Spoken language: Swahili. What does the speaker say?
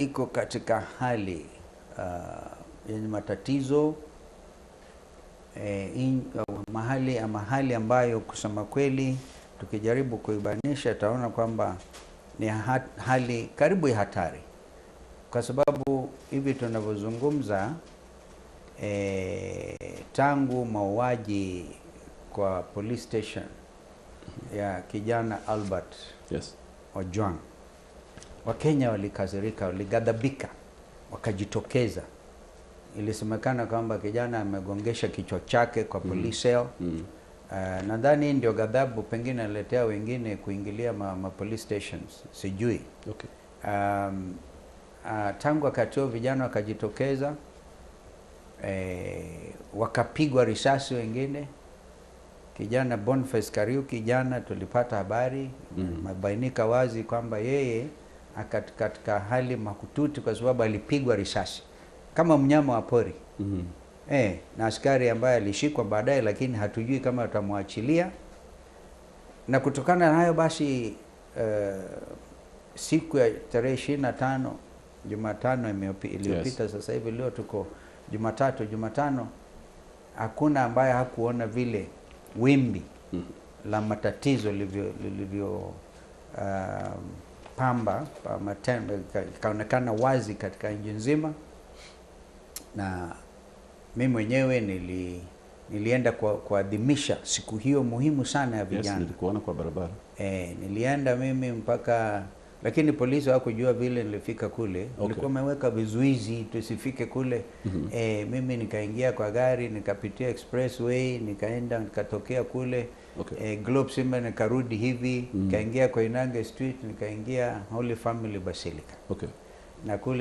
iko katika hali uh, yenye matatizo eh, in, uh, mahali ama hali ambayo kusema kweli tukijaribu kuibanisha taona kwamba ni hat, hali karibu ya hatari, kwa sababu hivi tunavyozungumza E, tangu mauaji kwa police station ya kijana Albert yes. Ojwang Wakenya walikasirika, waligadhabika wakajitokeza. Ilisemekana kwamba kijana amegongesha kichwa chake kwa polisi mm. mm. Uh, nadhani ndio ghadhabu pengine aletea wengine kuingilia ma, ma police stations sijui. Okay. Um, uh, tangu wakati huo vijana wakajitokeza eh, wakapigwa risasi wengine. Kijana Boniface Kariuki jana tulipata habari mm -hmm. mabainika wazi kwamba yeye katika hali makututi kwa sababu alipigwa risasi kama mnyama wa pori mm -hmm. eh, na askari ambaye alishikwa baadaye, lakini hatujui kama atamwachilia. Na kutokana na hayo basi, uh, siku ya tarehe ishirini na tano Jumatano iliyopita yes. Sasa hivi leo tuko Jumatatu, Jumatano hakuna ambaye hakuona vile wimbi mm -hmm. la matatizo lilivyo uh, pamba ikaonekana wazi katika nchi nzima, na mi mwenyewe nili, nilienda kuadhimisha siku hiyo muhimu sana ya vijana. Yes, nilikuona kwa barabara. E, nilienda mimi mpaka lakini polisi hawakujua vile nilifika kule. Okay. Nilikuwa nimeweka vizuizi tusifike kule. mm -hmm. E, mimi nikaingia kwa gari nikapitia expressway nikaenda nikatokea kule. Okay. E, Globe Simba nikarudi hivi. mm -hmm. Nikaingia Koinange Street nikaingia Holy Family Basilica. Okay. na kule